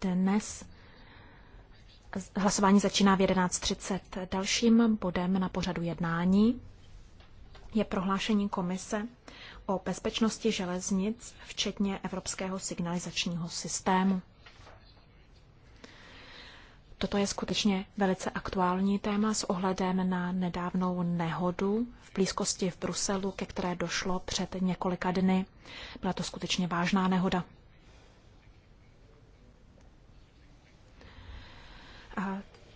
dnes hlasování začíná v 11.30. Dalším bodem na pořadu jednání je prohlášení komise o bezpečnosti železnic, včetně evropského signalizačního systému. Toto je skutečně velice aktuální téma s ohledem na nedávnou nehodu v blízkosti v Bruselu, ke které došlo před několika dny. Byla to skutečně vážná nehoda.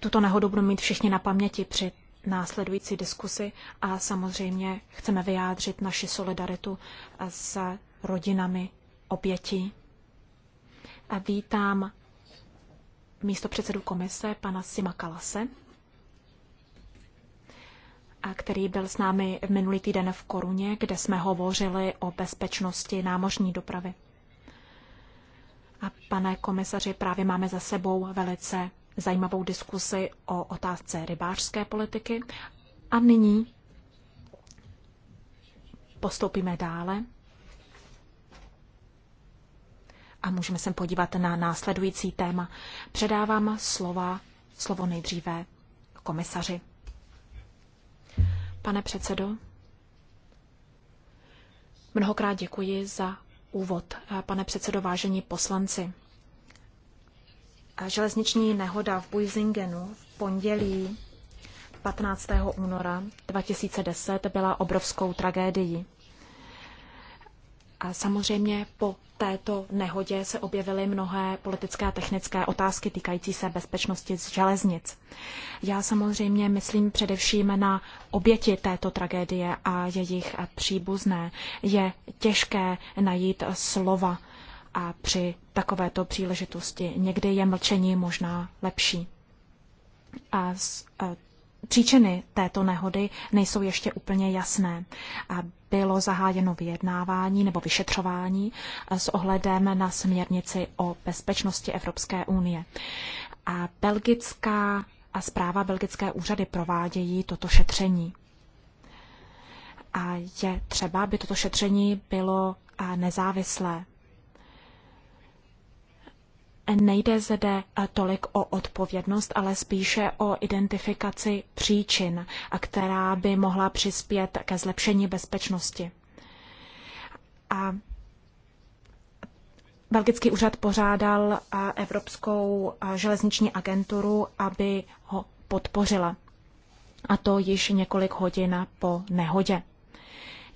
Tuto nehodu budeme mít všichni na paměti při následující diskusi a samozřejmě chceme vyjádřit naši solidaritu s rodinami obětí. A vítám místo předsedu komise pana Sima Kalase, a který byl s námi minulý týden v Koruně, kde jsme hovořili o bezpečnosti námořní dopravy. A pane komisaři, právě máme za sebou velice zajímavou diskusi o otázce rybářské politiky a nyní postoupíme dále a můžeme se podívat na následující téma. Předávám slova, slovo nejdříve komisaři. Pane předsedo, mnohokrát děkuji za úvod. Pane předsedo, vážení poslanci, železniční nehoda v Buizingenu v pondělí 15. února 2010 byla obrovskou tragédií. A samozřejmě po této nehodě se objevily mnohé politické a technické otázky týkající se bezpečnosti z železnic. Já samozřejmě myslím především na oběti této tragédie a jejich příbuzné. Je těžké najít slova a při takovéto příležitosti. Někdy je mlčení možná lepší. A z, a e, Příčiny této nehody nejsou ještě úplně jasné. A bylo zahájeno vyjednávání nebo vyšetřování e, s ohledem na směrnici o bezpečnosti Evropské unie. A belgická a zpráva belgické úřady provádějí toto šetření. A je třeba, aby toto šetření bylo e, nezávislé Nejde zde eh, tolik o odpovědnost, ale spíše o identifikaci příčin, která by mohla přispět ke zlepšení bezpečnosti. A Belgický úřad pořádal eh, Evropskou eh, železniční agenturu, aby ho podpořila. A to již několik hodin po nehodě.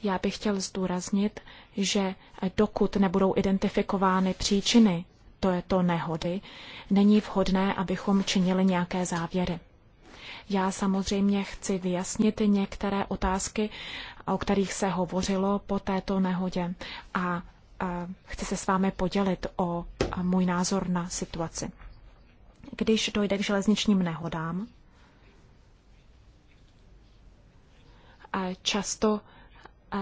Já bych chtěl zdůraznit, že dokud nebudou identifikovány příčiny této nehody, není vhodné, abychom činili nějaké závěry. Já samozřejmě chci vyjasnit některé otázky, o kterých se hovořilo po této nehodě a chci se s vámi podělit o můj názor na situaci. Když dojde k železničním nehodám, často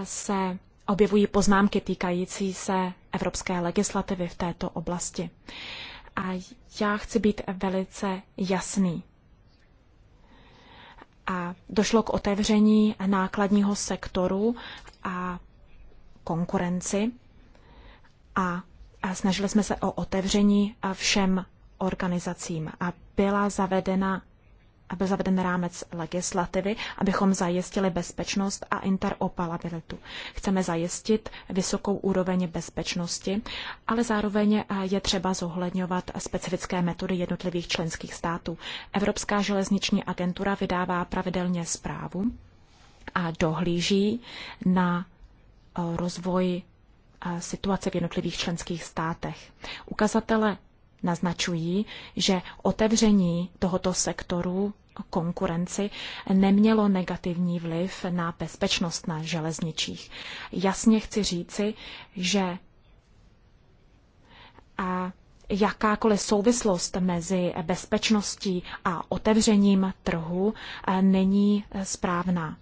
se objevují poznámky týkající se evropské legislativy v této oblasti. A já chci být velice jasný. A došlo k otevření nákladního sektoru a konkurenci a, a snažili jsme se o otevření všem organizacím a byla zavedena byl zaveden rámec legislativy, abychom zajistili bezpečnost a interoperabilitu. Chceme zajistit vysokou úroveň bezpečnosti, ale zároveň eh, je třeba zohledňovat specifické metody jednotlivých členských států. Evropská železniční agentura vydává pravidelně zprávu a dohlíží na eh, rozvoj eh, situace v jednotlivých členských státech. Ukazatele naznačují, že otevření tohoto sektoru konkurenci nemělo negativní vliv na bezpečnost na železničích. Jasně chci říci, že a jakákoliv souvislost mezi bezpečností a otevřením trhu e, není e, správná.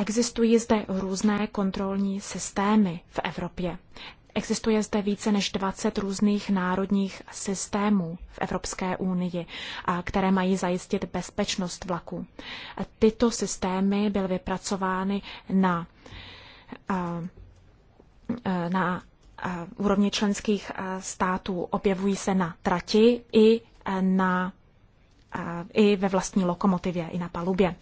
Existují zde různé kontrolní systémy v Evropě. Existuje zde více než 20 různých národních systémů v Evropské unii, které mají zajistit bezpečnost vlaku. Tyto systémy byly vypracovány na, na úrovni členských států, objevují se na trati i, na, i ve vlastní lokomotivě, i na palubě.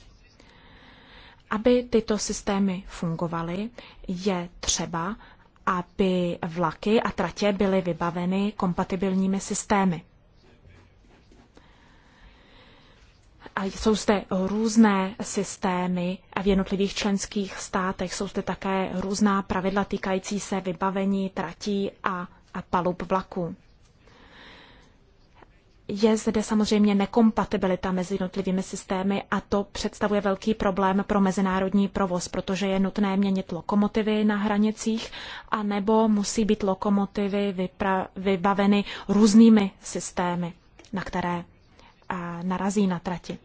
Aby tyto systémy fungovaly, je třeba, aby vlaky a tratě byly vybaveny kompatibilními systémy. A jsou zde různé systémy a v jednotlivých členských státech. Jsou zde také různá pravidla týkající se vybavení tratí a, a palub vlaků je zde samozřejmě nekompatibilita mezi jednotlivými systémy a to představuje velký problém pro mezinárodní provoz, protože je nutné měnit lokomotivy na hranicích a nebo musí být lokomotivy vybaveny různými systémy, na které narazí na trati.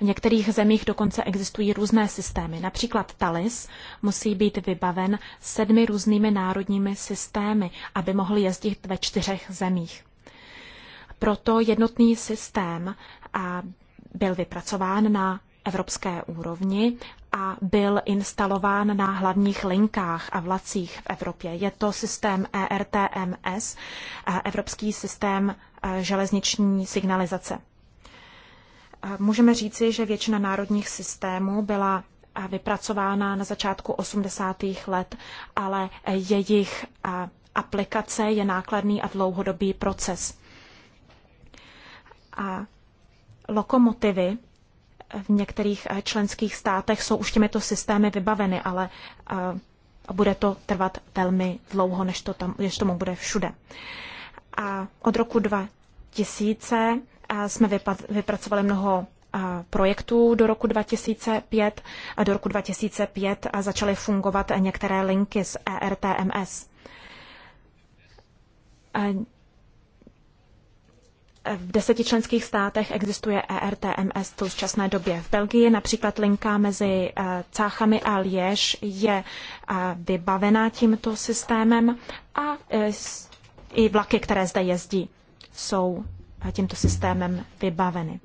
V některých zemích dokonce existují různé systémy. Například Talis musí být vybaven sedmi různými národními systémy, aby mohl jezdit ve čtyřech zemích. Proto jednotný systém byl vypracován na evropské úrovni a byl instalován na hlavních linkách a vlacích v Evropě. Je to systém ERTMS, Evropský systém e, železniční signalizace. E, můžeme říci, že většina národních systémů byla e, vypracována na začátku 80. let, ale jejich aplikace je nákladný a dlouhodobý proces lokomotivy v některých eh, členských státech jsou už těmito systémy vybaveny, ale eh, bude to trvat velmi dlouho, než, to tam, než tomu bude všude. A od roku 2000 eh, jsme vypracovali mnoho projektů do roku 2005 a do roku 2005 začaly fungovat některé linky z ERTMS v deseti členských státech existuje ERTMS v současné době. V Belgii například linka mezi eh, Cáchami a Liež je eh, vybavená tímto systémem a eh, i vlaky, které zde jezdí, jsou tímto systémem vybaveny.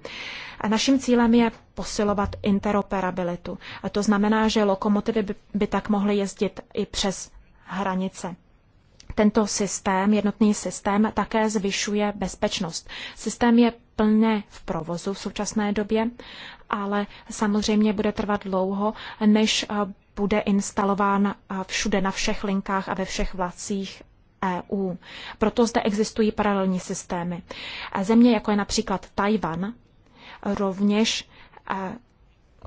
A naším cílem je posilovat interoperabilitu. A to znamená, že lokomotivy by, by tak mohly jezdit i přes hranice. Tento systém, jednotný systém, také zvyšuje bezpečnost. Systém je plně v provozu v současné době, ale samozřejmě bude trvat dlouho, než eh, bude instalován eh, všude na všech linkách a ve všech vlacích EU. Proto zde existují paralelní systémy. Eh, země, jako je například Tajvan, rovněž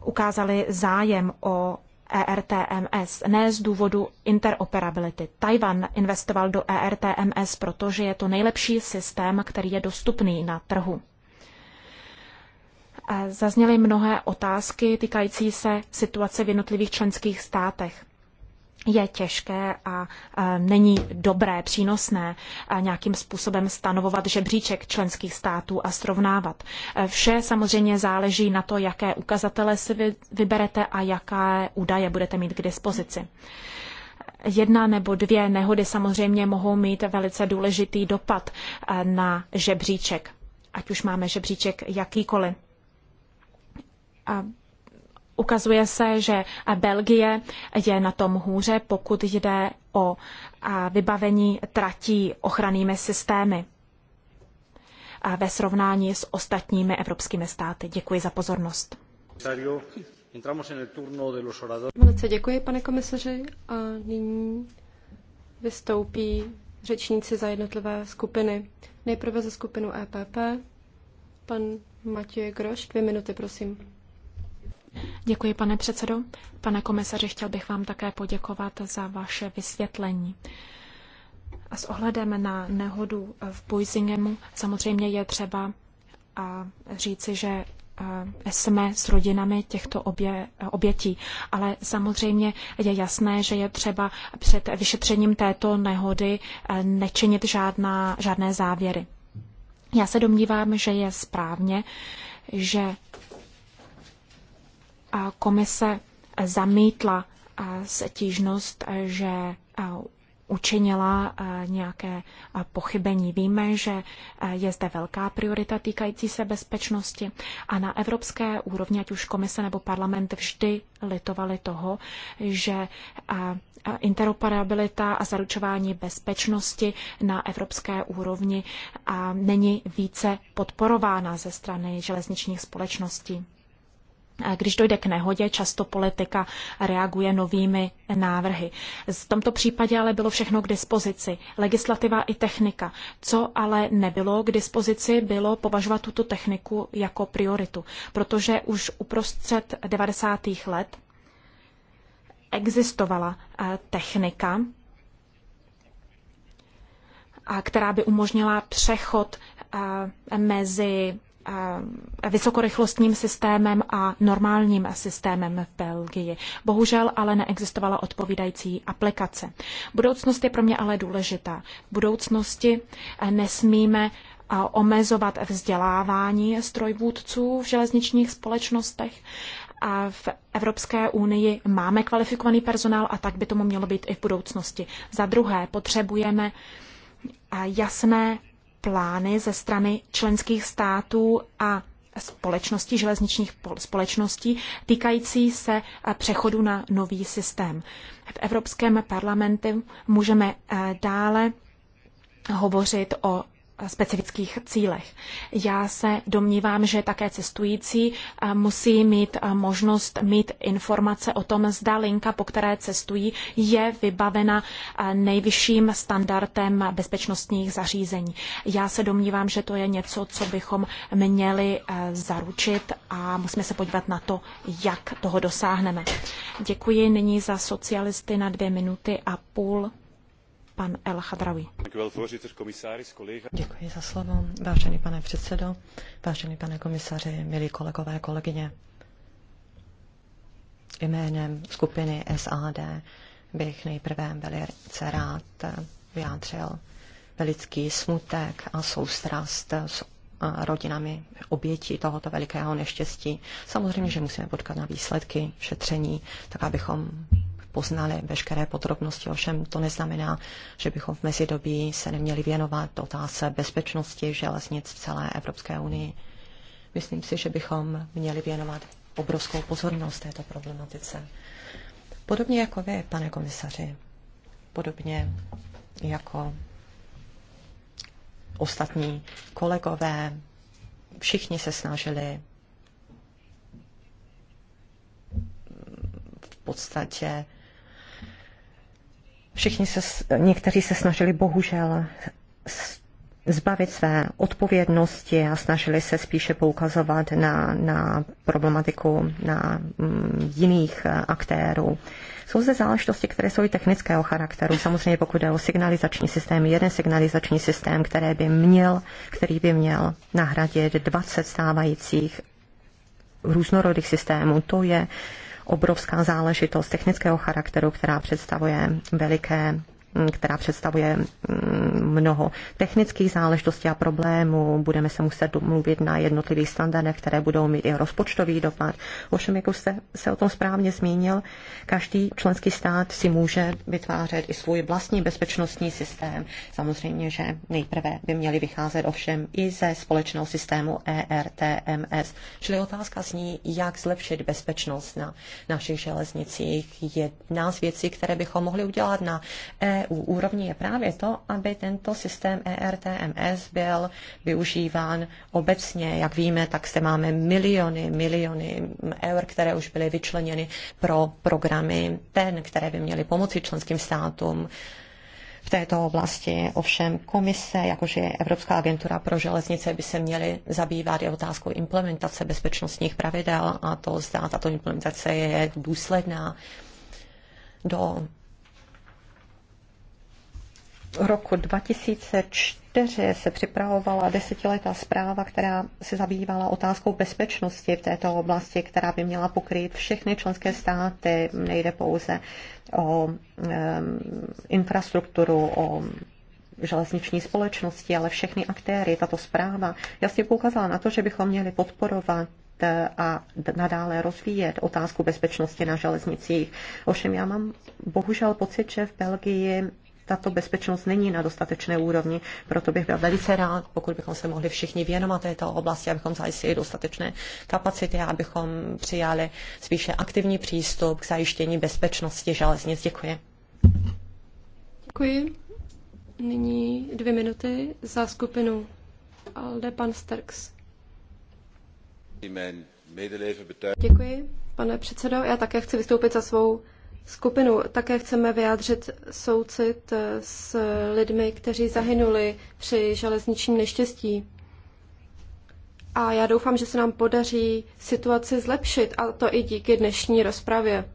ukázali zájem o ERTMS, ne z důvodu interoperability. Tajvan investoval do ERTMS, protože je to nejlepší systém, který je dostupný na trhu. Zazněly mnohé otázky týkající se situace v jednotlivých členských státech je těžké a není dobré, přínosné nějakým způsobem stanovovat žebříček členských států a srovnávat. E, vše samozřejmě záleží na to, jaké ukazatele si vyberete a jaké údaje budete mít k dispozici. Jedna nebo dvě nehody samozřejmě mohou mít velice důležitý dopad e, na žebříček, ať už máme žebříček jakýkoliv. Ukazuje se, že Belgie je na tom hůře, pokud jde o vybavení tratí ochrannými systémy a ve srovnání s ostatními evropskými státy. Děkuji za pozornost. Velice děkuji, pane komisaři. A nyní vystoupí řečníci za jednotlivé skupiny. Nejprve za skupinu EPP. Pan Matěj Groš, dvě minuty, prosím. Děkuji, pane předsedo. Pane komisaři, chtěl bych vám také poděkovat za vaše vysvětlení. A s ohledem na nehodu v Boisingemu samozřejmě je třeba a říci, že jsme s rodinami těchto obě, obětí. Ale samozřejmě je jasné, že je třeba před vyšetřením této nehody nečinit žádná, žádné závěry. Já se domnívám, že je správně, že komise zamítla stížnost, že učinila nějaké pochybení. Víme, že je zde velká priorita týkající se bezpečnosti a na evropské úrovni, ať už komise nebo parlament, vždy litovali toho, že interoperabilita a zaručování bezpečnosti na evropské úrovni není více podporována ze strany železničních společností. Když dojde k nehodě, často politika reaguje novými návrhy. V tomto případě ale bylo všechno k dispozici. Legislativa i technika. Co ale nebylo k dispozici, bylo považovat tuto techniku jako prioritu. Protože už uprostřed 90. let existovala eh, technika, která by umožnila přechod eh, mezi Eh, vysokorychlostním systémem a normálním systémem v Belgii. Bohužel ale neexistovala odpovídající aplikace. Budoucnost je pro mě ale důležitá. V budoucnosti eh, nesmíme eh, omezovat vzdělávání strojvůdců v železničních společnostech. A v Evropské unii máme kvalifikovaný personál a tak by tomu mělo být i v budoucnosti. Za druhé, potřebujeme jasné plány ze strany členských států a společností, železničních společností týkající se eh, přechodu na nový systém. V Evropském parlamentu můžeme eh, dále hovořit o Eh, specifických cílech. Já se domnívám, že také cestující eh, musí mít eh, možnost mít informace o tom, zda linka, po které cestují, je vybavena nejvyšším standardem bezpečnostních zařízení. Já se domnívám, že to je něco, co bychom měli zaručit a musíme se podívat na to, jak toho dosáhneme. Děkuji nyní za socialisty na dvě minuty a půl pan El Chadraoui. Děkuji za slovo, vážený pane předsedo, vážený pane komisaři, milí kolegové, kolegyně. Jménem skupiny SAD bych nejprve velice rád vyjádřil velký smutek a soustrast s rodinami obětí tohoto velikého neštěstí. Samozřejmě, že musíme potkat na výsledky šetření, tak abychom poznali veškeré podrobnosti. Ovšem to neznamená, že bychom v mezidobí se neměli věnovat otázce bezpečnosti železnic v celé Evropské unii. Myslím si, že bychom měli věnovat obrovskou pozornost této problematice. Podobně jako vy, pane komisaři, podobně jako ostatní kolegové, všichni se snažili v podstatě Všichni se, někteří se snažili bohužel zbavit své odpovědnosti a snažili se spíše poukazovat na, na problematiku na mm, jiných eh, aktérů. Jsou zde záležitosti, které jsou i technického charakteru. Samozřejmě pokud jde o signalizační systém, jeden signalizační systém, který by měl, který by měl nahradit 20 stávajících různorodých systémů, to je uh, obrovská záležitost technického charakteru, která představuje veliké Mm, která představuje mm, mnoho technických záležitostí a problémů. Budeme se muset domluvit na jednotlivých standardech, které budou mít i rozpočtový dopad. Ovšem, jak už jste se o tom správně zmínil, každý členský stát si může vytvářet i svůj vlastní bezpečnostní systém. Samozřejmě, že nejprve by měli vycházet ovšem i ze společného systému ERTMS. Čili otázka zní, jak zlepšit bezpečnost na našich železnicích. Jedna z věcí, které bychom mohli udělat na ERTMS, EU úrovni je právě to, aby tento systém ERTMS byl využíván obecně. Jak víme, tak se máme miliony, miliony eur, které už byly vyčleněny pro programy ten, které by měly pomoci členským státům v této oblasti. Ovšem komise, jakože je Evropská agentura pro železnice, by se měly zabývat i otázkou implementace bezpečnostních pravidel a to zda tato implementace je důsledná do roku 2004 se připravovala desetiletá zpráva, která se zabývala otázkou bezpečnosti v této oblasti, která by měla pokryt všechny členské státy. Nejde pouze o um, infrastrukturu, o železniční společnosti, ale všechny aktéry. Tato zpráva jasně poukázala na to, že bychom měli podporovat a nadále rozvíjet otázku bezpečnosti na železnicích. Ovšem já mám bohužel pocit, že v Belgii tato bezpečnost není na dostatečné úrovni, proto bych byl velice rád, pokud bychom se mohli všichni věnovat této oblasti, abychom zajistili dostatečné kapacity a abychom přijali spíše aktivní přístup k zajištění bezpečnosti železnic. Děkuji. Děkuji. Nyní dvě minuty za skupinu Alde pan Sterks. Děkuji, pane předsedo. Já také chci vystoupit za svou skupinu. Také chceme vyjádřit soucit eh, s lidmi, kteří zahynuli při železničním neštěstí. A já doufám, že se nám podaří situaci zlepšit, a to i díky dnešní rozpravě.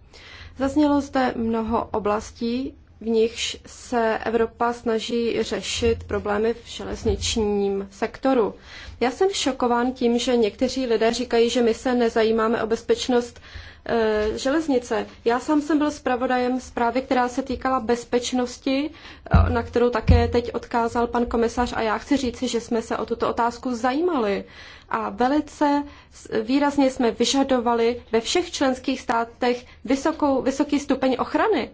Zaznělo zde mnoho oblastí, v nichž se Evropa snaží řešit problémy v železničním sektoru. Já jsem šokován tím, že někteří lidé říkají, že my se nezajímáme o bezpečnost e, železnice. Já sám jsem byl zpravodajem zprávy, která se týkala bezpečnosti, e, na kterou také teď odkázal pan komisař a já chci říci, že jsme se o tuto otázku zajímali a velice výrazně jsme vyžadovali ve všech členských státech vysokou, vysoký stupeň ochrany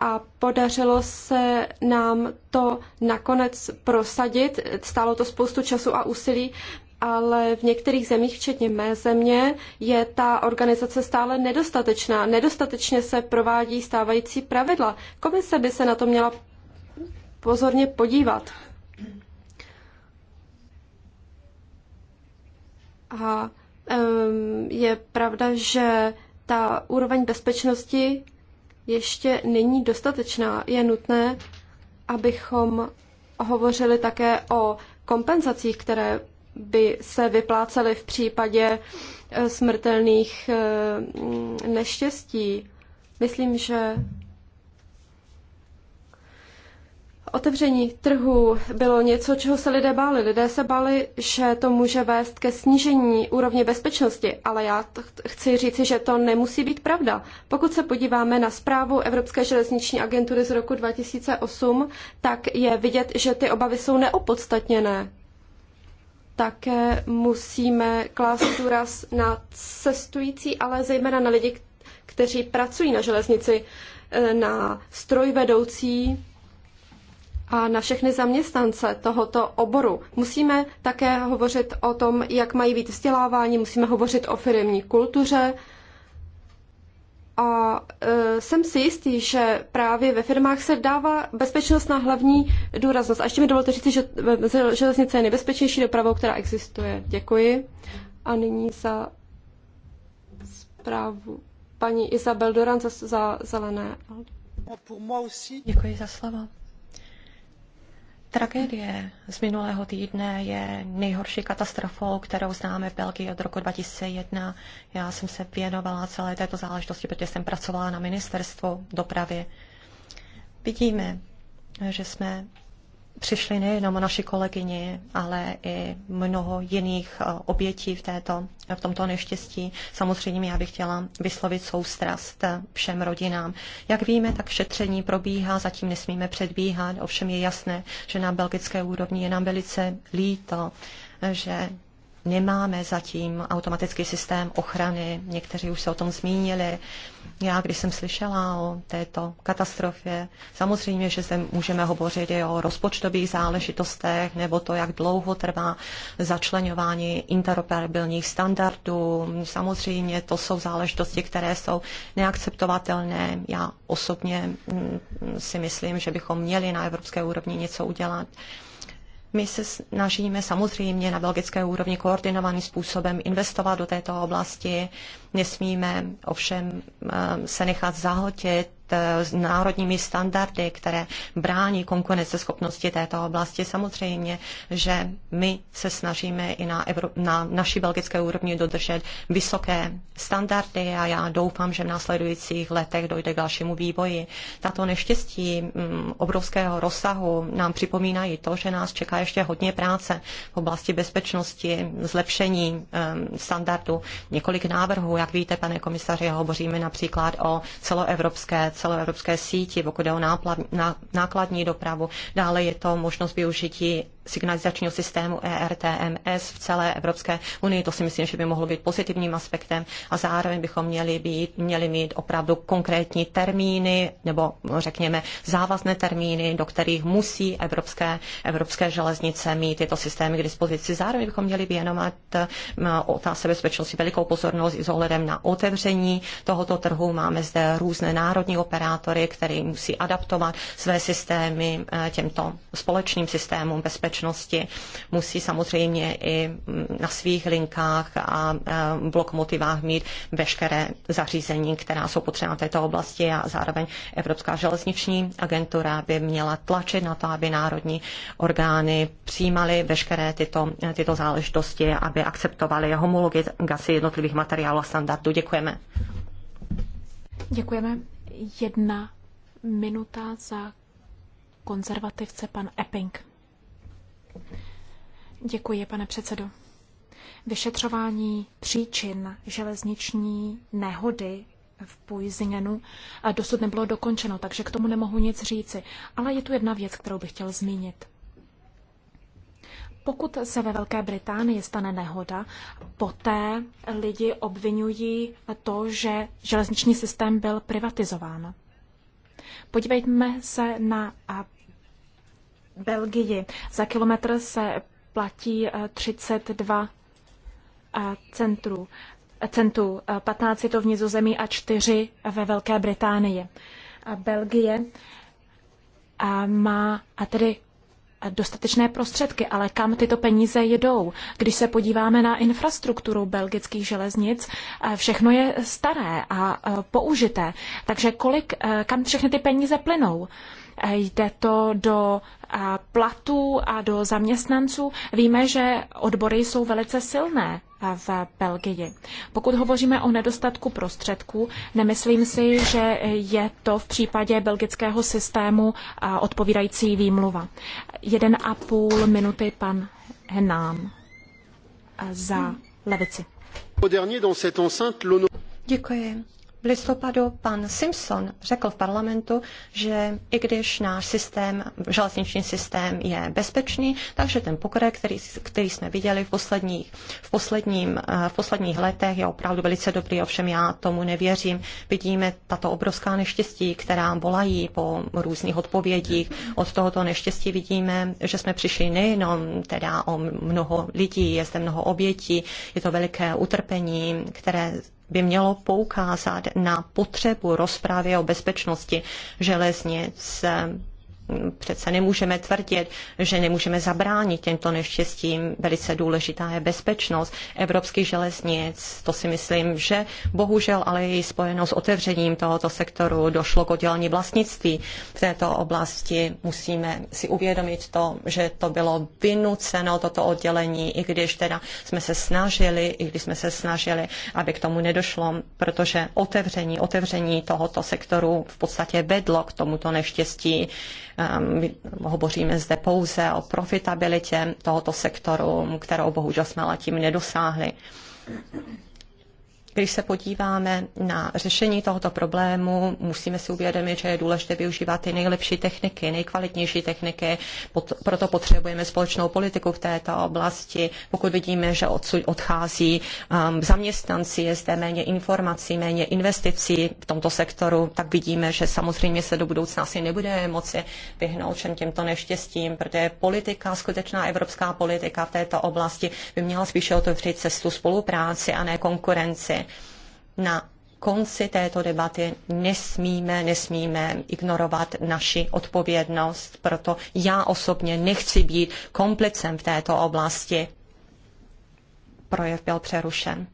a podařilo se nám to nakonec prosadit. Stálo to spoustu času a úsilí, ale v některých zemích, včetně mé země, je ta organizace stále nedostatečná. Nedostatečně se provádí stávající pravidla. Komise by se na to měla pozorně podívat. A um, je pravda, že ta úroveň bezpečnosti ještě není dostatečná. Je nutné, abychom hovořili také o kompenzacích, které by se vyplácely v případě eh, smrtelných eh, neštěstí. Myslím, že Otevření trhu bylo něco, čeho se lidé báli. Lidé se báli, že to může vést ke snížení úrovně bezpečnosti, ale já chci říci, že to nemusí být pravda. Pokud se podíváme na zprávu Evropské železniční agentury z roku 2008, tak je vidět, že ty obavy jsou neopodstatněné. Také musíme klást důraz na cestující, ale zejména na lidi, kteří pracují na železnici, e, na strojvedoucí, a na všechny zaměstnance tohoto oboru. Musíme také hovořit o tom, jak mají být vzdělávání, musíme hovořit o firmní kultuře. A e, jsem si jistý, že právě ve firmách se dává bezpečnost na hlavní důraznost. A ještě mi dovolte říct, že železnice je nejbezpečnější dopravou, která existuje. Děkuji. A nyní za zprávu paní Isabel Doran za, za zelené. Děkuji za slovo. Tragédie z minulého týdne je nejhorší katastrofou, kterou známe v Belgii od roku 2001. Já jsem se věnovala celé této záležitosti, protože jsem pracovala na ministerstvu dopravy. Vidíme, že jsme přišli nejenom naši kolegyni, ale i mnoho jiných eh, obětí v, této, v tomto neštěstí. Samozřejmě já bych chtěla vyslovit soustrast eh, všem rodinám. Jak víme, tak šetření probíhá, zatím nesmíme předbíhat, ovšem je jasné, že na belgické úrovni je nám velice líto, eh, že nemáme zatím automatický systém ochrany, někteří už se o tom zmínili. Já, když jsem slyšela o této katastrofě, samozřejmě, že zde můžeme hovořit i o rozpočtových záležitostech, nebo to, jak dlouho trvá začlenování interoperabilních standardů. Samozřejmě, to jsou záležitosti, které jsou neakceptovatelné. Já osobně mm, si myslím, že bychom měli na evropské úrovni něco udělat. My se snažíme samozřejmě na belgické úrovni koordinovaným způsobem investovat do této oblasti. Nesmíme ovšem eh, se nechat zahltit s eh, národními standardy, které brání konkurenceschopnosti této oblasti. Samozřejmě, že my se snažíme i na, Evro- na naší belgické úrovni dodržet vysoké standardy a já doufám, že v následujících letech dojde k dalšímu vývoji. Tato neštěstí mm, obrovského rozsahu nám připomínají to, že nás čeká ještě hodně práce v oblasti bezpečnosti, zlepšení ehm, standardu, několik návrhů. Jak víte, pane komisaři, hovoříme například o celoevropské celoevropské síti, pokud jde o nákladní dopravu. Dále je to možnost využití signalizačního systému ERTMS v celé Evropské unii. To si myslím, že by mohlo být pozitivním aspektem a zároveň bychom měli, být, měli mít opravdu konkrétní termíny nebo řekněme závazné termíny, do kterých musí evropské, evropské železnice mít tyto systémy k dispozici. Zároveň bychom měli věnovat eh, otázce bezpečnosti velikou pozornost i s ohledem na otevření tohoto trhu. Máme zde různé národní operátory, které musí adaptovat své systémy eh, těmto společným systémům bezpečnosti společnosti musí samozřejmě i na svých linkách a blokmotivách eh, mít veškeré zařízení, která jsou potřeba v této oblasti a zároveň Evropská železniční agentura by měla tlačit na to, aby národní orgány přijímaly veškeré tyto, eh, tyto záležitosti, aby akceptovaly homologizaci jednotlivých materiálů a standardů. Děkujeme. Děkujeme. Jedna minuta za konzervativce pan Epping. Děkuji, pane předsedo. Vyšetřování příčin železniční nehody v Pujzingenu eh, dosud nebylo dokončeno, takže k tomu nemohu nic říci. Ale je tu jedna věc, kterou bych chtěl zmínit. Pokud se ve Velké Británii stane nehoda, poté lidi obvinují to, že železniční systém byl privatizován. Podívejme se na Belgii. Za kilometr se platí 32 eh, eh, centrů, eh, centů, 15 je to v Nizozemí a 4 ve Velké Británii. A Belgie má a tedy dostatečné prostředky, ale kam tyto peníze jedou? Když se podíváme na infrastrukturu belgických železnic, všechno je staré a použité. Takže kolik, kam všechny ty peníze plynou? Jde to do platů a do zaměstnanců. Víme, že odbory jsou velice silné v Belgii. Pokud hovoříme o nedostatku prostředků, nemyslím si, že je to v případě belgického systému odpovídající výmluva. Jeden a půl minuty pan Henám za levici. Děkuji v listopadu pan Simpson řekl v parlamentu, že i když náš systém, železniční systém je bezpečný, takže ten pokrok, který, který jsme viděli v posledních, v, posledním, eh, v posledních letech, je opravdu velice dobrý, ovšem já tomu nevěřím. Vidíme tato obrovská neštěstí, která volají po různých odpovědích. Od tohoto neštěstí vidíme, že jsme přišli nejenom teda o mnoho lidí, je zde mnoho obětí, je to veliké utrpení, které by mělo poukázat na potřebu rozprávy o bezpečnosti železnic přece nemůžeme tvrdit, že nemůžeme zabránit těmto neštěstím. Velice důležitá je bezpečnost evropských železnic. To si myslím, že bohužel ale je spojeno s otevřením tohoto sektoru. Došlo k oddělení vlastnictví v této oblasti. Musíme si uvědomit to, že to bylo vynuceno, toto oddělení, i když teda jsme se snažili, i když jsme se snažili, aby k tomu nedošlo, protože otevření, otevření tohoto sektoru v podstatě vedlo k tomuto neštěstí Ehm, my hovoříme zde pouze o profitabilitě tohoto sektoru, kterou bohužel jsme ale tím nedosáhli. Když se podíváme na řešení tohoto problému, musíme si uvědomit, že je důležité využívat ty nejlepší techniky, nejkvalitnější techniky, proto potřebujeme společnou politiku v této oblasti. Pokud vidíme, že odsud odchází um, zaměstnanci, je zde méně informací, méně investicí v tomto sektoru, tak vidíme, že samozřejmě se do budoucna asi nebude moci vyhnout všem těmto neštěstím, protože politika, skutečná evropská politika v této oblasti by měla spíše otevřít cestu spolupráci a ne konkurenci na konci této debaty nesmíme, nesmíme ignorovat naši odpovědnost. Proto já osobně nechci být komplicem v této oblasti. Projev byl přerušen.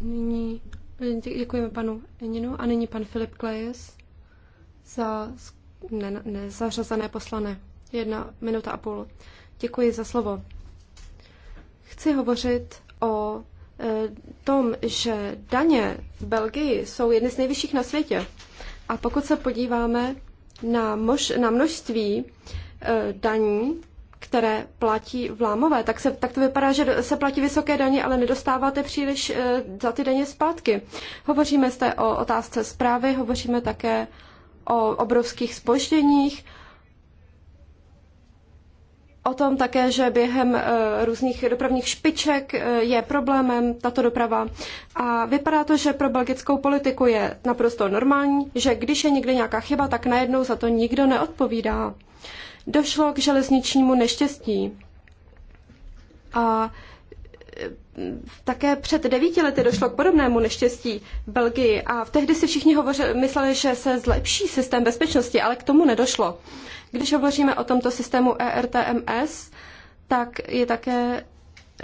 Nyní děkujeme panu Eninu a nyní pan Filip Klejes za ne, nezařazené poslané. Jedna minuta a půl. Děkuji za slovo. Chci hovořit o Eh, tom, že daně v Belgii jsou jedny z nejvyšších na světě. A pokud se podíváme na, mož, na množství eh, daní, které platí vlámové, tak, se, tak to vypadá, že se platí vysoké daně, ale nedostáváte příliš eh, za ty daně zpátky. Hovoříme zde o otázce zprávy, hovoříme také o obrovských spožděních, o tom také, že během eh, různých dopravních špiček eh, je problémem tato doprava. A vypadá to, že pro belgickou politiku je naprosto normální, že když je někde nějaká chyba, tak najednou za to nikdo neodpovídá. Došlo k železničnímu neštěstí. A Eh, také před devíti lety došlo k podobnému neštěstí v Belgii a v tehdy si všichni hovořili, mysleli, že se zlepší systém bezpečnosti, ale k tomu nedošlo. Když hovoříme o tomto systému ERTMS, tak je také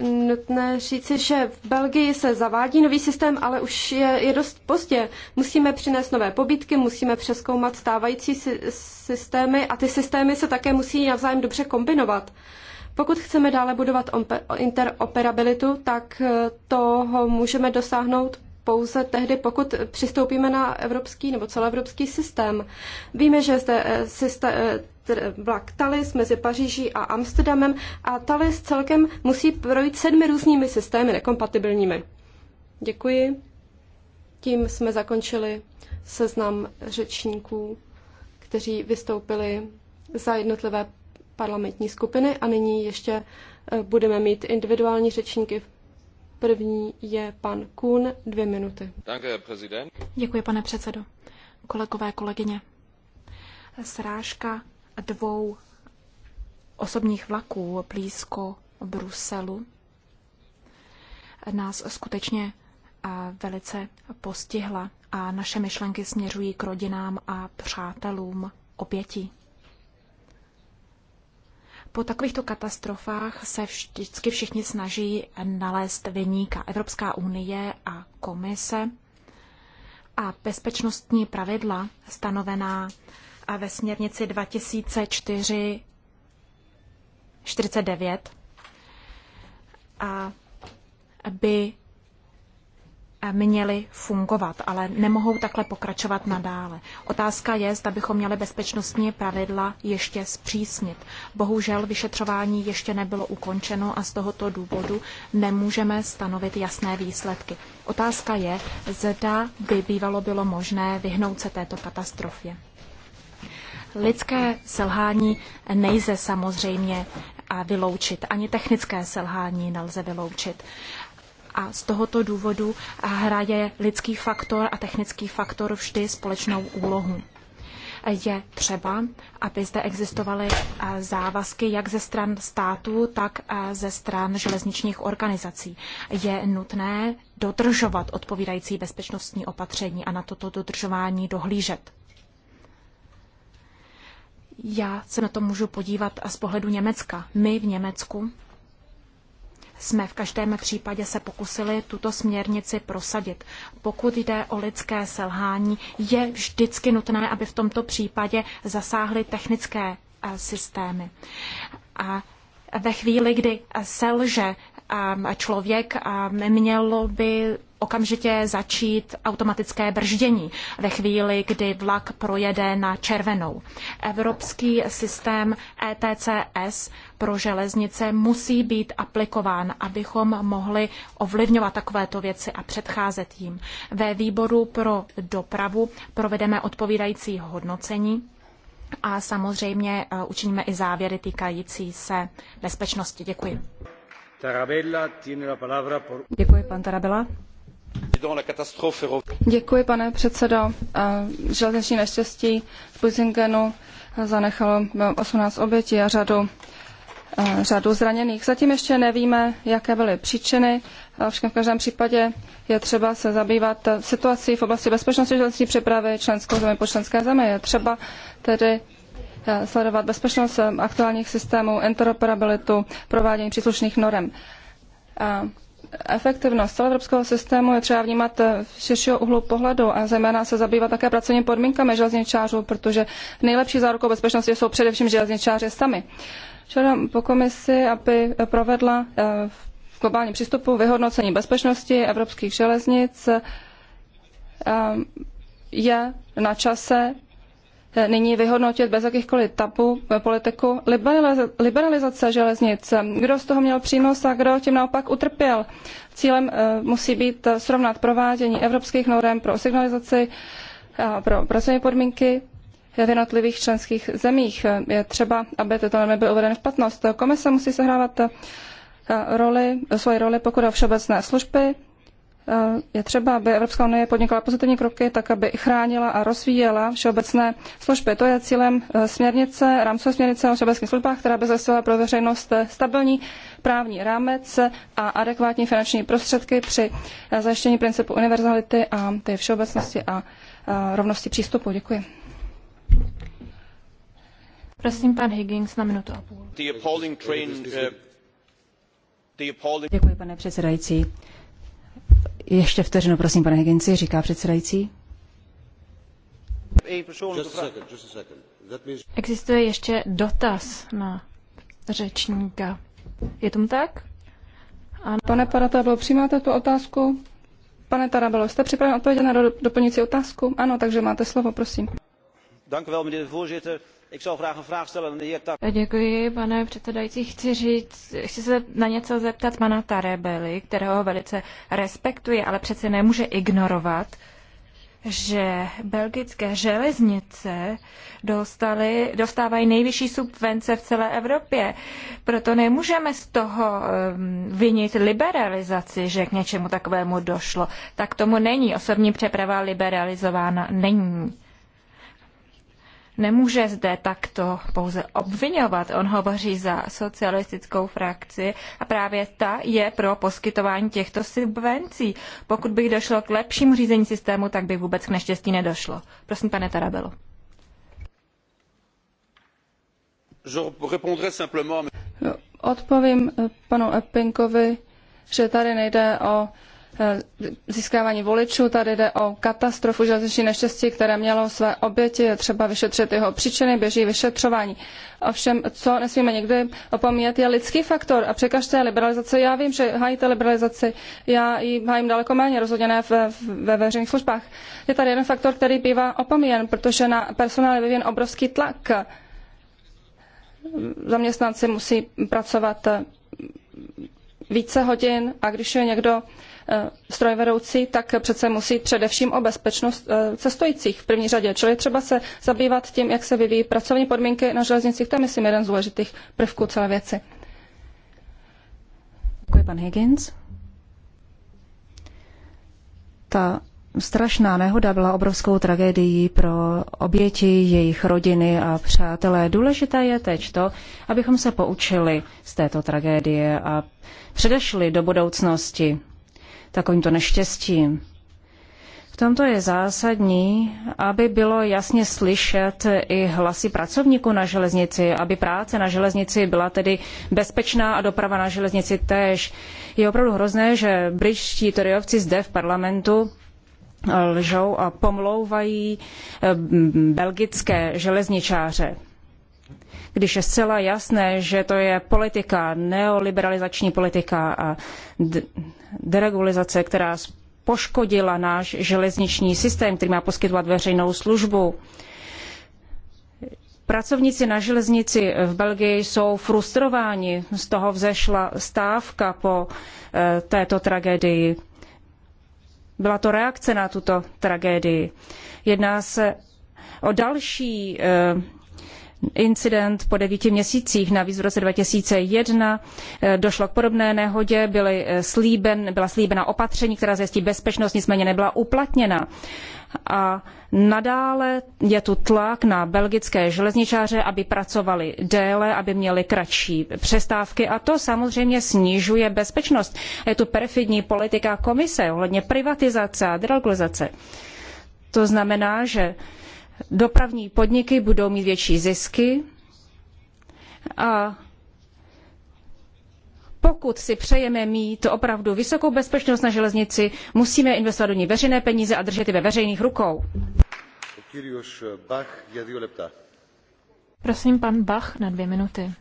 nutné říci, že v Belgii se zavádí nový systém, ale už je, je dost pozdě. Musíme přinést nové pobídky, musíme přeskoumat stávající sy- systémy a ty systémy se také musí navzájem dobře kombinovat. Pokud chceme dále budovat interoperabilitu, tak eh, toho můžeme dosáhnout pouze tehdy, pokud přistoupíme na evropský nebo celoevropský systém. Víme, že zde eh, systém, eh, vlak Talis mezi Paříží a Amsterdamem a Talis celkem musí projít sedmi různými systémy nekompatibilními. Děkuji. Tím jsme zakončili seznam řečníků, kteří vystoupili za jednotlivé parlamentní skupiny a nyní ještě e, budeme mít individuální řečníky. První je pan Kuhn, dvě minuty. Děkuji, pane předsedo. Kolegové, kolegyně. Srážka dvou osobních vlaků blízko Bruselu nás skutečně e, velice postihla a naše myšlenky směřují k rodinám a přátelům obětí. Po takovýchto katastrofách se vždycky všichni snaží nalézt vyníka. Evropská unie a komise a bezpečnostní pravidla stanovená ve směrnici 2004 49 a by Eh, měly fungovat, ale nemohou takhle pokračovat nadále. Otázka je, zda bychom měli bezpečnostní pravidla ještě zpřísnit. Bohužel vyšetřování ještě nebylo ukončeno a z tohoto důvodu nemůžeme stanovit jasné výsledky. Otázka je, zda by bývalo bylo možné vyhnout se této katastrofě. Lidské selhání nejze samozřejmě a eh, vyloučit. Ani technické selhání nelze vyloučit a z tohoto důvodu hraje lidský faktor a technický faktor vždy společnou úlohu. Je třeba, aby zde existovaly eh, závazky jak ze stran států, tak eh, ze stran železničních organizací. Je nutné dodržovat odpovídající bezpečnostní opatření a na toto dodržování dohlížet. Já se na to můžu podívat z pohledu Německa. My v Německu jsme v každém případě se pokusili tuto směrnici prosadit. Pokud jde o lidské selhání, je vždycky nutné, aby v tomto případě zasáhly technické e, systémy. A ve chvíli, kdy selže e, člověk, e, mělo by okamžitě začít automatické brždění ve chvíli, kdy vlak projede na červenou. Evropský systém ETCS pro železnice musí být aplikován, abychom mohli ovlivňovat takovéto věci a předcházet jim. Ve výboru pro dopravu provedeme odpovídající hodnocení a samozřejmě eh, učiníme i závěry týkající se bezpečnosti. Děkuji. Děkuji, pan Tarabella. Děkuji, pane předsedo. Železniční neštěstí v Buzingenu zanechalo 18 obětí a řadu, řadu zraněných. Zatím ještě nevíme, jaké byly příčiny. Všem v každém případě je třeba se zabývat situací v oblasti bezpečnosti železniční přepravy členskou zemi po členské zemi. Je třeba tedy sledovat bezpečnost aktuálních systémů, interoperabilitu, provádění příslušných norem efektivnost celoevropského systému je třeba vnímat v širšího úhlu pohledu a zejména se zabývat také pracovními podmínkami železničářů, protože nejlepší zárukou bezpečnosti jsou především železničáři sami. Žádám po komisi, aby provedla eh, v globálním přístupu vyhodnocení bezpečnosti evropských železnic. Eh, je na čase nyní vyhodnotit bez jakýchkoliv tabu politiku liberalizace železnic. Kdo z toho měl přínos a kdo tím naopak utrpěl? Cílem eh, musí být srovnat provádění evropských norem pro signalizaci a pro pracovní podmínky v jednotlivých členských zemích. Je třeba, aby tyto normy byly uvedeny v platnost. Komise musí sehrávat eh, roli, svoji roli, pokud o všeobecné služby, je třeba, aby Evropská unie podnikla pozitivní kroky, tak aby chránila a rozvíjela všeobecné služby. To je cílem eh, směrnice, rámcové směrnice o všeobecných službách, která by zajistila pro veřejnost eh, stabilní právní rámec eh, a adekvátní finanční prostředky při zajištění principu univerzality a té všeobecnosti a rovnosti přístupu. Děkuji. Prosím, pan Higgins, na minutu a půl. Uh, Děkuji, pane předsedající ještě vteřinu, prosím, pane Higinci, říká předsedající. Existuje ještě dotaz na řečníka. Je tomu tak? Ano. Pane Paratablo, přijímáte tu otázku? Pane Tarabelo, jste připraven odpovědět na doplňující otázku? Ano, takže máte slovo, prosím. Eh, děkuji, pane předsedající. Chci, říct, chci se na něco zeptat pana Tarebely, kterého velice respektuji, ale přece nemůže ignorovat, že belgické železnice dostali, dostávají nejvyšší subvence v celé Evropě. Proto nemůžeme z toho ehm, vinit liberalizaci, že k něčemu takovému došlo. Tak tomu není. Osobní přeprava liberalizována není nemůže zde takto pouze obvinovat. On hovoří za socialistickou frakci a právě ta je pro poskytování těchto subvencí. Pokud by došlo k lepšímu řízení systému, tak by vůbec k neštěstí nedošlo. Prosím, pane Tarabelo. Odpovím panu Eppinkovi, že tady nejde o Eh, získávání voličů. Tady jde o katastrofu železniční neštěstí, které mělo své oběti. Je třeba vyšetřit jeho příčiny, běží vyšetřování. Ovšem, co nesmíme nikdy opomíjet, je lidský faktor a překažte liberalizace. Já vím, že hájíte liberalizaci, já ji hájím daleko méně, rozhodně ne ve, ve veřejných službách. Je tady jeden faktor, který bývá opomíjen, protože na personál je vyvíjen obrovský tlak. Zaměstnanci musí pracovat eh, více hodin a když je někdo Eh, strojvedoucí, tak přece musí především o bezpečnost eh, cestujících v první řadě. Čili třeba se zabývat tím, jak se vyvíjí pracovní podmínky na železnicích. To je, myslím, jeden z důležitých prvků celé věci. Děkuji, pan Higgins. Ta strašná nehoda byla obrovskou tragédií pro oběti, jejich rodiny a přátelé. Důležité je teď to, abychom se poučili z této tragédie a předešli do budoucnosti takovýmto neštěstím. V tomto je zásadní, aby bylo jasně slyšet i hlasy pracovníků na železnici, aby práce na železnici byla tedy bezpečná a doprava na železnici též. Je opravdu hrozné, že britští teriovci zde v parlamentu lžou a pomlouvají eh, belgické železničáře když je zcela jasné, že to je politika, neoliberalizační politika a deregulizace, která poškodila náš železniční systém, který má poskytovat veřejnou službu. Pracovníci na železnici v Belgii jsou frustrováni, z toho vzešla stávka po eh, této tragédii. Byla to reakce na tuto tragédii. Jedná se o další eh, incident po devíti měsících. Navíc v roce 2001 eh, došlo k podobné nehodě, byly eh, slíben, byla slíbena opatření, která zjistí bezpečnost, nicméně nebyla uplatněna. A nadále je tu tlak na belgické železničáře, aby pracovali déle, aby měli kratší přestávky a to samozřejmě snižuje bezpečnost. Je tu perfidní politika komise ohledně privatizace a deregulizace. To znamená, že dopravní podniky budou mít větší zisky a pokud si přejeme mít opravdu vysokou bezpečnost na železnici, musíme investovat do ní veřejné peníze a držet je ve veřejných rukou. Prosím, pan Bach na dvě minuty.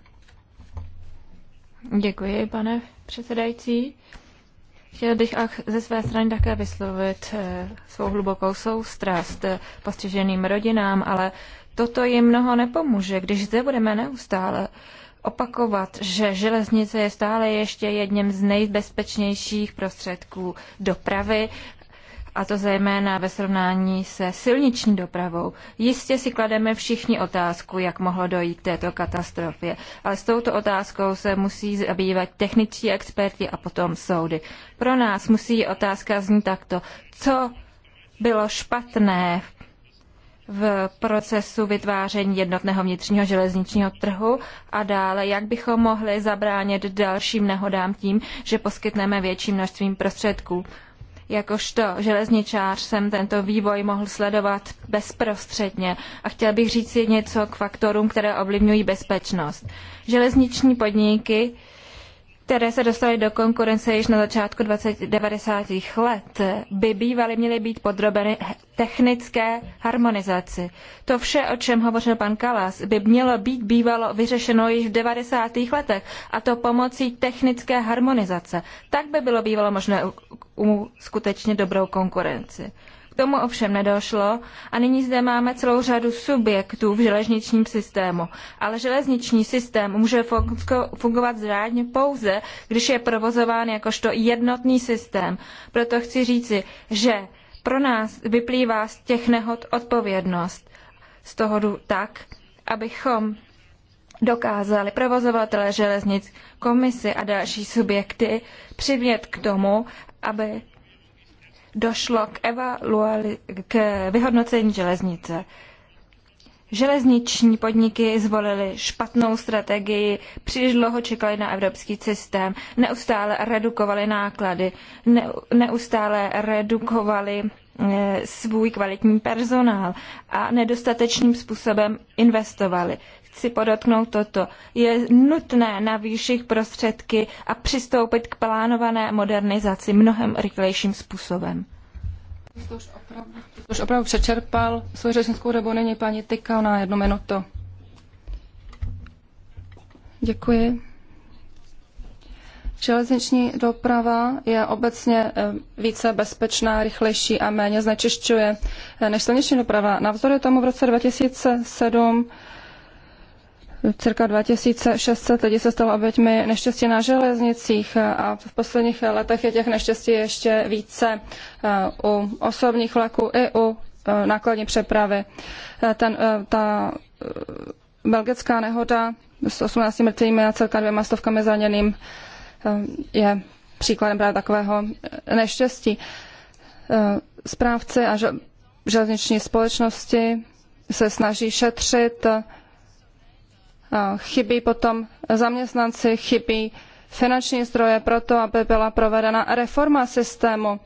Děkuji, pane předsedající. Chtěl bych ze své strany také vyslovit eh, svou hlubokou soustrast eh, postiženým rodinám, ale toto jim mnoho nepomůže, když zde budeme neustále opakovat, že železnice je stále ještě jedním z nejbezpečnějších prostředků dopravy a to zejména ve srovnání se silniční dopravou. Jistě si klademe všichni otázku, jak mohlo dojít k této katastrofě, ale s touto otázkou se musí zabývat techničtí experti a potom soudy. Pro nás musí otázka znít takto. Co bylo špatné v procesu vytváření jednotného vnitřního železničního trhu a dále, jak bychom mohli zabránit dalším nehodám tím, že poskytneme větší množstvím prostředků. Jakožto železničář jsem tento vývoj mohl sledovat bezprostředně a chtěl bych říct něco k faktorům, které ovlivňují bezpečnost. Železniční podniky které se dostaly do konkurence již na začátku 20, 90. let, by bývaly měly být podrobeny technické harmonizaci. To vše, o čem hovořil pan Kalas, by mělo být bývalo vyřešeno již v 90. letech, a to pomocí technické harmonizace. Tak by bylo bývalo možné skutečně dobrou konkurenci tomu ovšem nedošlo a nyní zde máme celou řadu subjektů v železničním systému. Ale železniční systém může fungovat zrádně pouze, když je provozován jakožto jednotný systém. Proto chci říci, že pro nás vyplývá z těch nehod odpovědnost. Z toho tak, abychom dokázali provozovatele železnic, komisy a další subjekty přimět k tomu, aby došlo k, evaluali, k vyhodnocení železnice. Železniční podniky zvolily špatnou strategii, příliš dlouho čekali na evropský systém, neustále redukovali náklady, neustále redukovali eh, svůj kvalitní personál a nedostatečným způsobem investovali chci podotknout toto. Je nutné navýšit prostředky a přistoupit k plánované modernizaci mnohem rychlejším způsobem. To už opravdu, přečerpal řečnickou dobu, není paní Tyka na jedno minuto. Děkuji. Železniční doprava je obecně eh, více bezpečná, rychlejší a méně znečišťuje eh, než silniční doprava. Navzdory tomu v roce 2007 cirka 2600 lidí se stalo oběťmi neštěstí na železnicích a v posledních letech je těch neštěstí ještě více eh, u osobních vlaků i u eh, nákladní přepravy. Eh, ten, ta belgická nehoda s 18 mrtvými a celka dvěma stovkami zraněným je příkladem právě takového neštěstí. Správci a železniční společnosti se snaží šetřit chybí potom zaměstnanci, chybí finanční zdroje pro to, aby byla provedena reforma systému.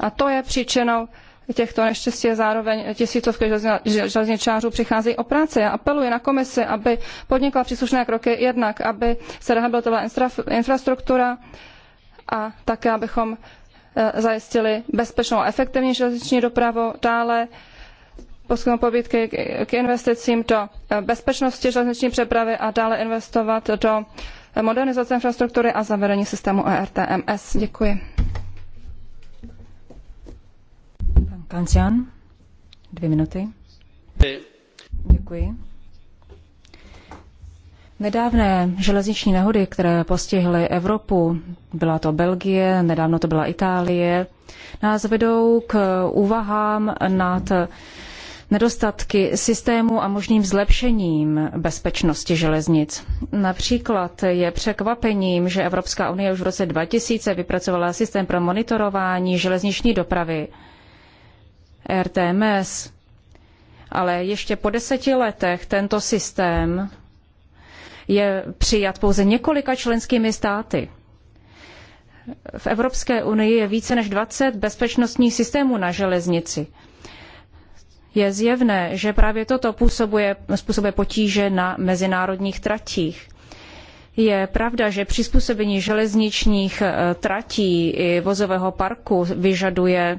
A to je příčinou těchto neštěstí a zároveň tisícovky železničářů přicházejí o práci. Já apeluji na komisi, aby podnikla příslušné kroky jednak, aby se rehabilitovala infrastruktura a také, abychom eh, zajistili bezpečnou a efektivní železniční dopravu. Dále poskytnout pobídky k investicím do eh, bezpečnosti železniční přepravy a dále investovat do eh, modernizace infrastruktury a zavedení systému ERTMS. Děkuji. Pan Kancian, dvě minuty. Děkuji. Nedávné železniční nehody, které postihly Evropu, byla to Belgie, nedávno to byla Itálie, nás vedou k úvahám nad nedostatky systému a možným zlepšením bezpečnosti železnic. Například je překvapením, že Evropská unie už v roce 2000 vypracovala systém pro monitorování železniční dopravy RTMS, ale ještě po deseti letech tento systém je přijat pouze několika členskými státy. V Evropské unii je více než 20 bezpečnostních systémů na železnici je zjevné, že právě toto působuje, způsobuje potíže na mezinárodních tratích. Je pravda, že přizpůsobení železničních eh, tratí i vozového parku vyžaduje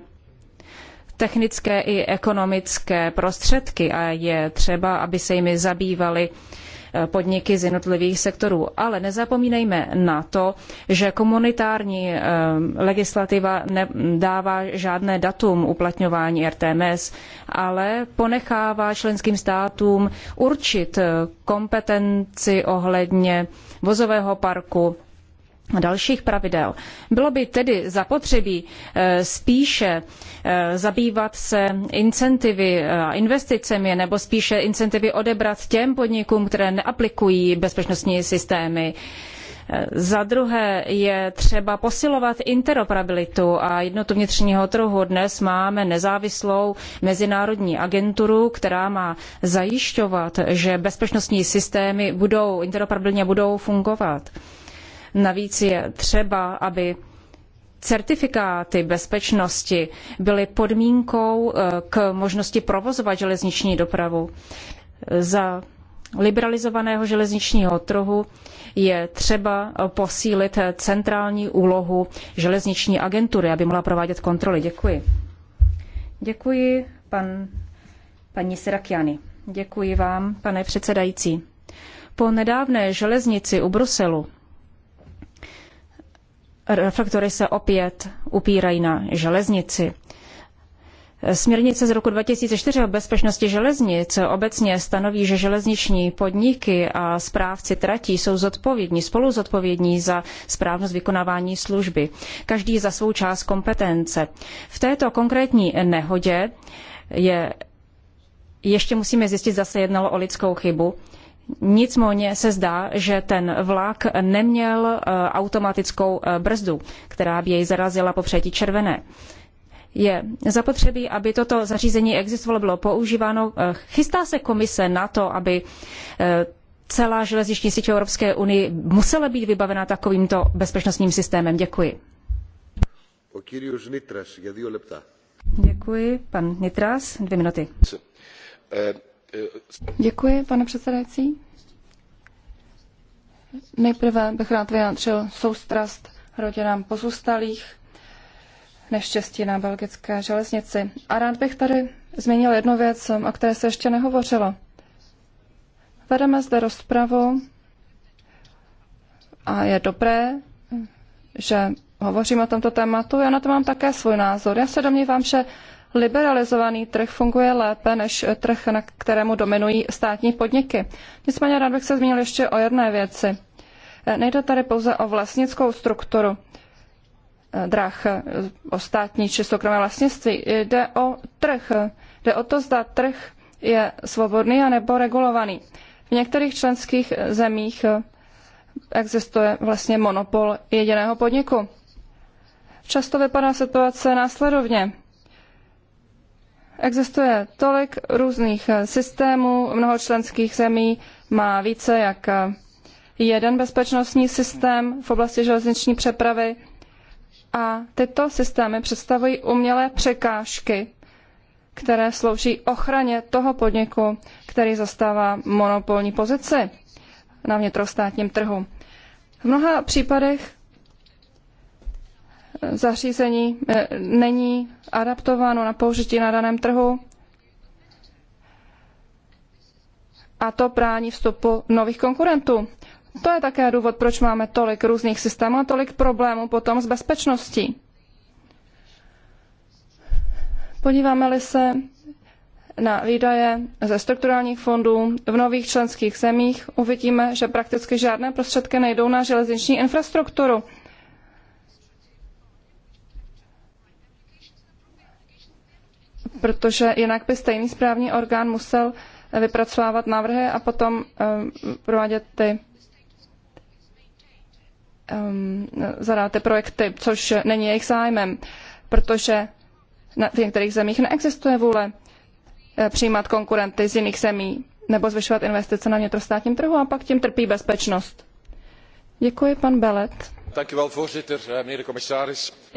technické i ekonomické prostředky a je třeba, aby se jimi zabývaly podniky z jednotlivých sektorů. Ale nezapomínejme na to, že komunitární eh, legislativa nedává žádné datum uplatňování RTMS, ale ponechává členským státům určit eh, kompetenci ohledně vozového parku, a dalších pravidel. Bylo by tedy zapotřebí eh, spíše eh, zabývat se incentivy a investicemi, nebo spíše incentivy odebrat těm podnikům, které neaplikují bezpečnostní systémy. Eh, za druhé je třeba posilovat interoperabilitu a jednotu vnitřního trhu. Dnes máme nezávislou mezinárodní agenturu, která má zajišťovat, že bezpečnostní systémy budou interoperabilně budou fungovat. Navíc je třeba, aby certifikáty bezpečnosti byly podmínkou eh, k možnosti provozovat železniční dopravu. Za liberalizovaného železničního trhu je třeba posílit centrální úlohu železniční agentury, aby mohla provádět kontroly. Děkuji. Děkuji, pan, paní Serakiany. Děkuji vám, pane předsedající. Po nedávné železnici u Bruselu reflektory se opět upírají na železnici. Směrnice z roku 2004 o bezpečnosti železnic obecně stanoví, že železniční podniky a správci tratí jsou zodpovědní, spolu zodpovědní za správnost vykonávání služby, každý za svou část kompetence. V této konkrétní nehodě je, ještě musíme zjistit, zda se jednalo o lidskou chybu Nicméně se zdá, že ten vlak neměl eh, automatickou eh, brzdu, která by jej zarazila po přejetí červené. Je zapotřebí, aby toto zařízení existovalo, bylo používáno. Eh, chystá se komise na to, aby celá železniční síť Evropské unii musela být vybavena takovýmto bezpečnostním systémem. Děkuji. Děkuji. Pan Nitras, dvě minuty. Děkuji, pane předsedající. Nejprve bych rád vyjádřil soustrast rodinám pozůstalých neštěstí na belgické železnici. A rád bych tady zmínil jednu věc, o které se ještě nehovořilo. Vedeme zde rozpravu a je dobré, že hovořím o tomto tématu. Já na to mám také svůj názor. Já se domnívám, že liberalizovaný trh funguje lépe než trh, na kterému dominují státní podniky. Nicméně rád bych se zmínil ještě o jedné věci. Nejde tady pouze o vlastnickou strukturu eh, drah, eh, o státní či soukromé vlastnictví. Jde o trh. Jde o to, zda trh je svobodný anebo regulovaný. V některých členských zemích eh, existuje vlastně monopol jediného podniku. Často vypadá situace následovně. Existuje tolik různých eh, systémů, mnoho členských zemí má více jak eh, jeden bezpečnostní systém v oblasti železniční přepravy a tyto systémy představují umělé překážky, které slouží ochraně toho podniku, který zastává monopolní pozici na vnitrostátním trhu. V mnoha případech zařízení e, není adaptováno na použití na daném trhu a to brání vstupu nových konkurentů. To je také důvod, proč máme tolik různých systémů a tolik problémů potom s bezpečností. Podíváme-li se na výdaje ze strukturálních fondů v nových členských zemích, uvidíme, že prakticky žádné prostředky nejdou na železniční infrastrukturu. protože jinak by stejný správní orgán musel eh, vypracovávat návrhy a potom eh, provádět ty ehm, zadat ty projekty, což není jejich zájmem, protože v některých zemích neexistuje vůle eh, přijímat konkurenty z jiných zemí nebo zvyšovat investice na vnitrostátním trhu a pak tím trpí bezpečnost. Děkuji, pan Belet.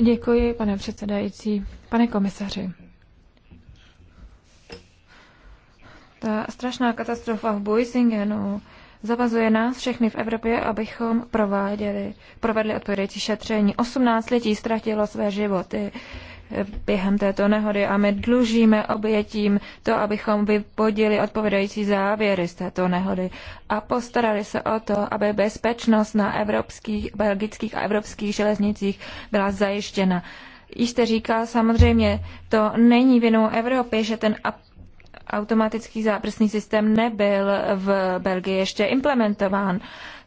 Děkuji, pane předsedající. Pane komisaři, Ta strašná katastrofa v Boisingenu zavazuje nás všechny v Evropě, abychom prováděli, provedli odpovědějící šetření. 18 lidí ztratilo své životy během této nehody a my dlužíme obětím to, abychom vypodili odpovědající závěry z této nehody a postarali se o to, aby bezpečnost na evropských, belgických a evropských železnicích byla zajištěna. jste říkal, samozřejmě to není vinou Evropy, že ten automatický záprsný systém nebyl v Belgii ještě implementován.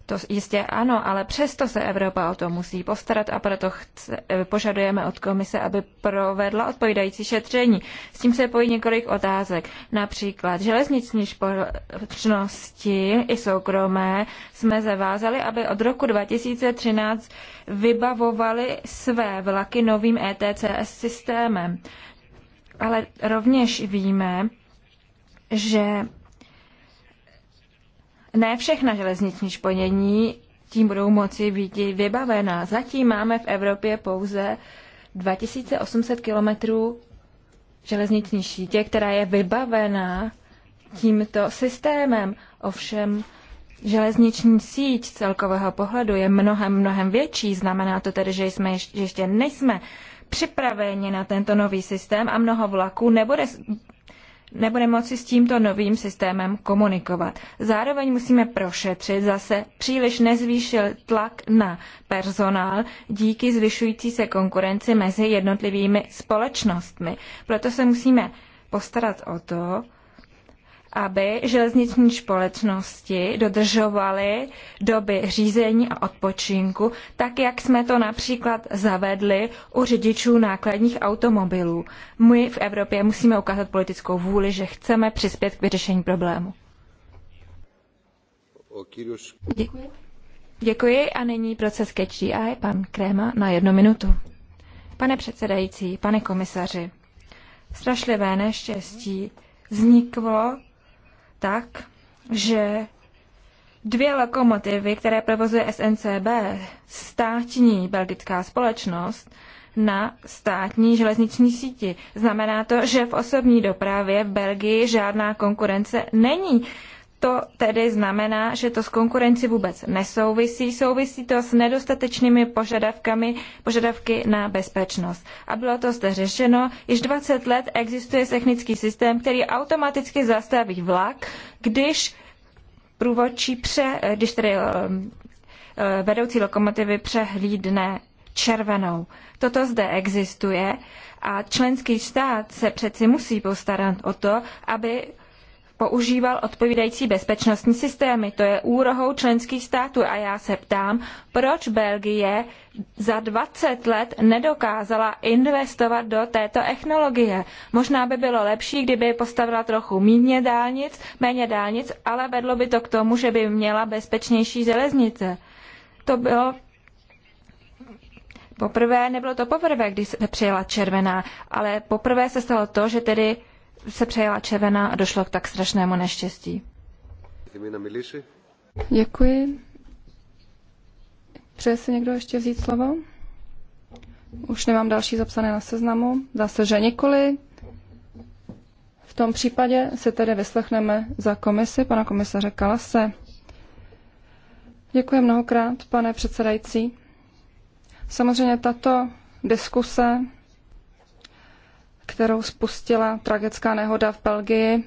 To jistě ano, ale přesto se Evropa o to musí postarat a proto chce, požadujeme od komise, aby provedla odpovídající šetření. S tím se pojí několik otázek. Například železniční společnosti i soukromé jsme zavázali, aby od roku 2013 vybavovali své vlaky novým ETCS systémem. Ale rovněž víme, že ne všechna železniční spojení tím budou moci být vybavena. Zatím máme v Evropě pouze 2800 kilometrů železniční sítě, která je vybavená tímto systémem. Ovšem železniční síť celkového pohledu je mnohem, mnohem větší. Znamená to tedy, že, jsme, že ještě nejsme připraveni na tento nový systém a mnoho vlaků nebude nebude moci s tímto novým systémem komunikovat. Zároveň musíme prošetřit, zase příliš nezvýšil tlak na personál díky zvyšující se konkurenci mezi jednotlivými společnostmi. Proto se musíme postarat o to, aby železniční společnosti dodržovaly doby řízení a odpočinku, tak jak jsme to například zavedli u řidičů nákladních automobilů. My v Evropě musíme ukázat politickou vůli, že chceme přispět k vyřešení problému. Děkuji. Děkuji a nyní proces ke pan Kréma, na jednu minutu. Pane předsedající, pane komisaři, strašlivé neštěstí vzniklo tak, že dvě lokomotivy, které provozuje SNCB, státní belgická společnost, na státní železniční síti. Znamená to, že v osobní dopravě v Belgii žádná konkurence není. To tedy znamená, že to s konkurenci vůbec nesouvisí, souvisí to s nedostatečnými požadavkami, požadavky na bezpečnost. A bylo to zde řešeno, již 20 let existuje technický systém, který automaticky zastaví vlak, když průvodčí pře, když tedy eh, eh, vedoucí lokomotivy přehlídne červenou. Toto zde existuje a členský stát se přeci musí postarat o to, aby používal odpovídající bezpečnostní systémy. To je úrohou členských států a já se ptám, proč Belgie za 20 let nedokázala investovat do této technologie. Možná by bylo lepší, kdyby postavila trochu méně dálnic, méně dálnic, ale vedlo by to k tomu, že by měla bezpečnější železnice. To bylo poprvé, nebylo to poprvé, když se přijela červená, ale poprvé se stalo to, že tedy se přejela červená a došlo k tak strašnému neštěstí. Děkuji. Přeje si někdo ještě vzít slovo? Už nemám další zapsané na seznamu. Dá se, že nikoli. V tom případě se tedy vyslechneme za komisi pana komisaře Kalase. Děkuji mnohokrát, pane předsedající. Samozřejmě tato diskuse kterou spustila tragická nehoda v Belgii,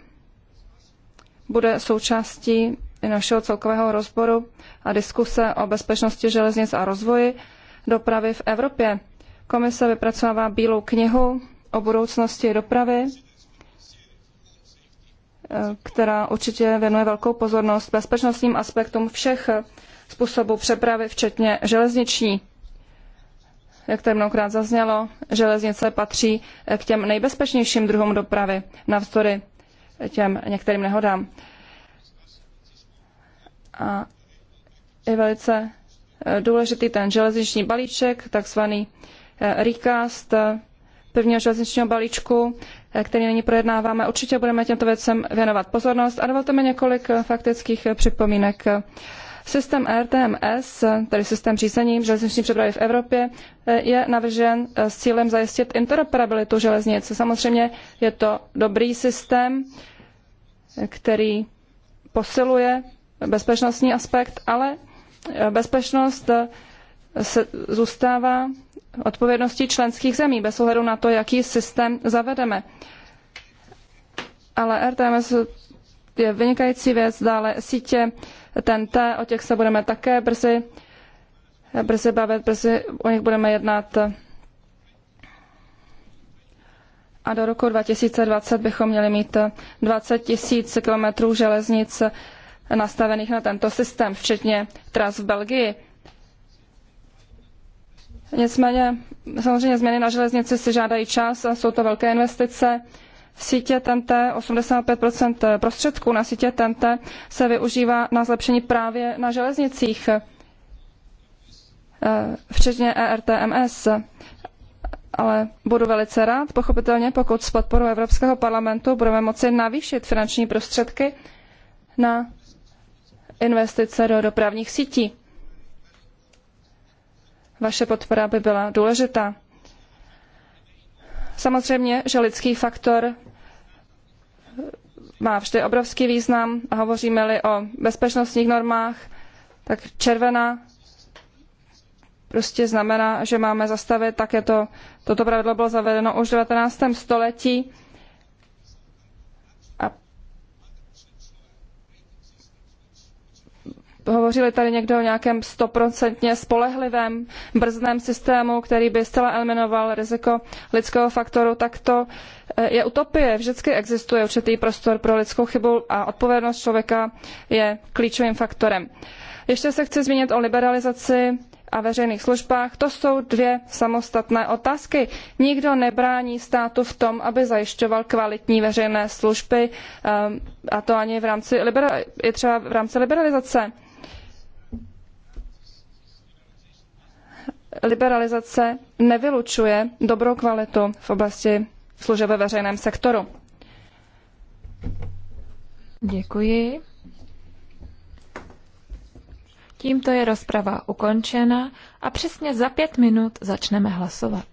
bude součástí našeho celkového rozboru a diskuse o bezpečnosti železnic a rozvoji dopravy v Evropě. Komise vypracovává bílou knihu o budoucnosti dopravy, eh, která určitě věnuje velkou pozornost bezpečnostním aspektům všech způsobů přepravy, včetně železniční jak tady mnohokrát zaznělo, železnice patří k těm nejbezpečnějším druhům dopravy, navzdory těm některým nehodám. A je velice eh, důležitý ten železniční balíček, takzvaný eh, recast eh, prvního železničního balíčku, který nyní projednáváme. Určitě budeme těmto věcem věnovat pozornost a dovolte mi několik faktických připomínek Systém RTMS, tedy systém řízení železniční přepravy v Evropě, eh, je navržen eh, s cílem zajistit interoperabilitu železnic. Samozřejmě je to dobrý systém, který posiluje bezpečnostní aspekt, ale eh, bezpečnost se zůstává odpovědností členských zemí, bez ohledu na to, jaký systém zavedeme. Ale RTMS je vynikající věc, dále sítě TNT, o těch se budeme také brzy, brzy bavit, brzy o nich budeme jednat. A do roku 2020 bychom měli mít 20 000 kilometrů železnic nastavených na tento systém, včetně tras v Belgii. Nicméně samozřejmě změny na železnici si žádají čas a jsou to velké investice sítě TNT, 85 prostředků na sítě TNT se využívá na zlepšení právě na železnicích, eh, včetně ERTMS. Ale budu velice rád, pochopitelně, pokud s podporou Evropského parlamentu budeme moci navýšit finanční prostředky na investice do dopravních sítí. Vaše podpora by byla důležitá. Samozřejmě, že lidský faktor má vždy obrovský význam a hovoříme-li o bezpečnostních normách, tak červená prostě znamená, že máme zastavit, tak je to, toto pravidlo bylo zavedeno už v 19. století Hovořili tady někdo o nějakém stoprocentně spolehlivém brzdném systému, který by zcela eliminoval riziko lidského faktoru, tak to eh, je utopie. Vždycky existuje určitý prostor pro lidskou chybu a odpovědnost člověka je klíčovým faktorem. Ještě se chci zmínit o liberalizaci a veřejných službách, to jsou dvě samostatné otázky. Nikdo nebrání státu v tom, aby zajišťoval kvalitní veřejné služby, ehm, a to ani v rámci, i třeba v rámci liberalizace. liberalizace nevylučuje dobrou kvalitu v oblasti služeb ve veřejném sektoru. Děkuji. Tímto je rozprava ukončena a přesně za pět minut začneme hlasovat.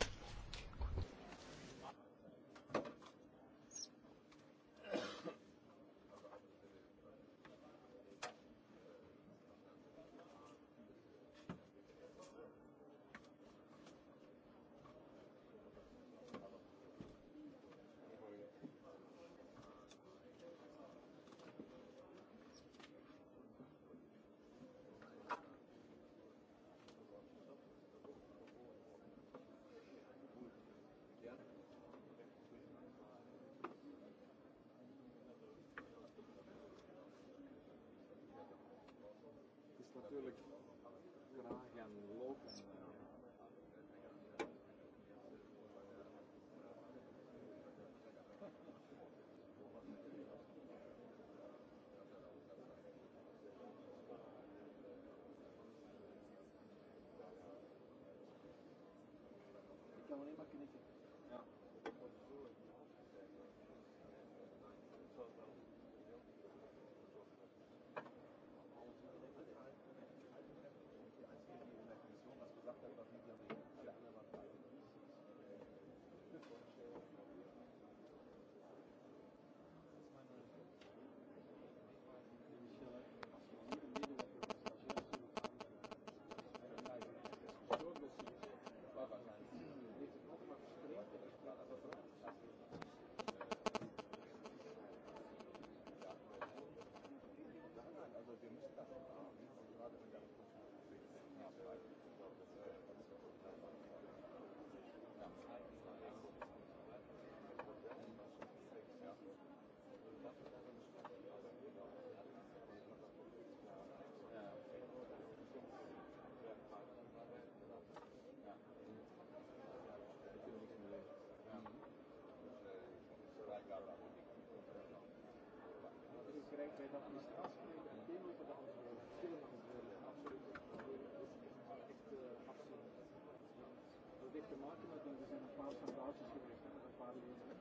wer das nicht rausbringt, dem muss er auch still machen würde. Absolut.